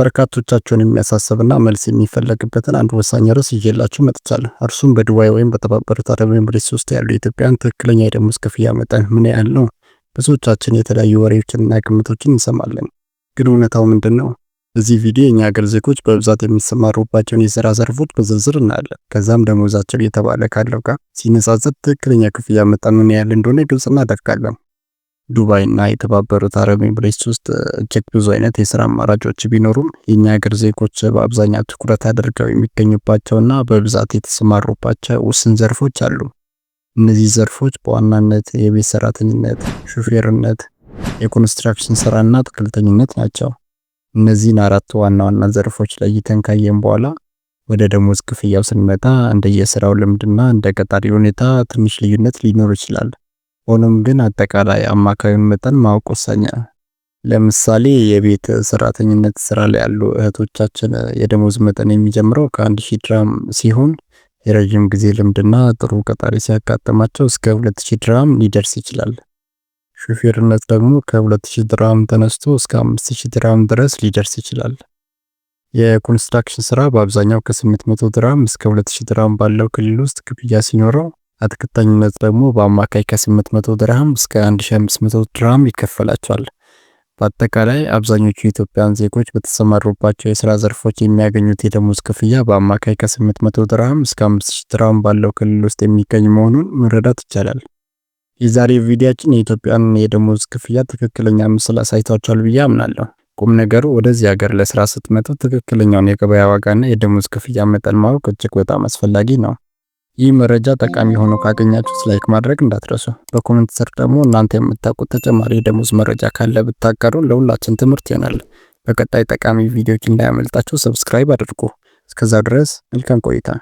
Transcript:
በርካቶቻቸውን የሚያሳስብና መልስ የሚፈለግበትን አንድ ወሳኝ ርዕስ ይዤላችሁ መጥቻለሁ። እርሱም በዱባይ ወይም በተባበሩት አረብ ኤምሬትስ ውስጥ ያሉ ኢትዮጵያን ትክክለኛ የደሞዝ ክፍያ መጠን ምን ያህል ነው? ብዙዎቻችን የተለያዩ ወሬዎችንና ግምቶችን እንሰማለን። ግን እውነታው ምንድን ነው? በዚህ ቪዲዮ የኛ ሀገር ዜጎች በብዛት የሚሰማሩባቸውን የስራ ዘርፎች በዝርዝር እናያለን። ከዛም ደሞዛቸው እየተባለ ካለው ጋር ሲነጻጸር ትክክለኛ ክፍያ መጠኑ ምን ያህል እንደሆነ ግልጽ እናደርጋለን። ዱባይ እና የተባበሩት አረብ ኤምሬትስ ውስጥ እጅግ ብዙ አይነት የስራ አማራጮች ቢኖሩም የኛ ሀገር ዜጎች በአብዛኛው ትኩረት አድርገው የሚገኙባቸውና በብዛት የተሰማሩባቸው ውስን ዘርፎች አሉ። እነዚህ ዘርፎች በዋናነት የቤት ሰራተኝነት፣ ሹፌርነት፣ የኮንስትራክሽን ስራና አትክልተኝነት ናቸው። እነዚህን አራት ዋና ዋና ዘርፎች ለይተን ካየን በኋላ ወደ ደሞዝ ክፍያው ስንመጣ እንደየስራው ልምድና እንደ ቀጣሪ ሁኔታ ትንሽ ልዩነት ሊኖር ይችላል። ሆኖም ግን አጠቃላይ አማካዩን መጠን ማወቅ ወሳኝ ነው። ለምሳሌ የቤት ሰራተኝነት ስራ ላይ ያሉ እህቶቻችን የደሞዝ መጠን የሚጀምረው ከአንድ ሺህ ድራም ሲሆን የረዥም ጊዜ ልምድና ጥሩ ቀጣሪ ሲያጋጥማቸው እስከ 2000 ድራም ሊደርስ ይችላል። ሹፌርነት ደግሞ ከ2000 ድራም ተነስቶ እስከ 5000 ድራም ድረስ ሊደርስ ይችላል። የኮንስትራክሽን ስራ በአብዛኛው ከ800 ድራም እስከ 2000 ድራም ባለው ክልል ውስጥ ክፍያ ሲኖረው አትክልተኝነት ደግሞ በአማካይ ከ800 ድርሃም እስከ 1500 ድርሃም ይከፈላቸዋል። በአጠቃላይ አብዛኞቹ የኢትዮጵያን ዜጎች በተሰማሩባቸው የስራ ዘርፎች የሚያገኙት የደሞዝ ክፍያ በአማካይ ከ800 ድርሃም እስከ 5000 ድርሃም ባለው ክልል ውስጥ የሚገኝ መሆኑን መረዳት ይቻላል። የዛሬ ቪዲያችን የኢትዮጵያን የደሞዝ ክፍያ ትክክለኛ ምስል አሳይቷቸዋል ብዬ አምናለሁ። ቁም ነገሩ ወደዚህ ሀገር ለስራ ስትመጡ ትክክለኛውን የገበያ ዋጋና የደሞዝ ክፍያ መጠን ማወቅ እጅግ በጣም አስፈላጊ ነው። ይህ መረጃ ጠቃሚ ሆኖ ካገኛችሁት ላይክ ማድረግ እንዳትረሱ። በኮመንት ስር ደግሞ እናንተ የምታውቁት ተጨማሪ የደሞዝ መረጃ ካለ ብታጋሩ ለሁላችን ትምህርት ይሆናል። በቀጣይ ጠቃሚ ቪዲዮዎች እንዳያመልጣችሁ ሰብስክራይብ አድርጉ። እስከዛ ድረስ መልካም ቆይታ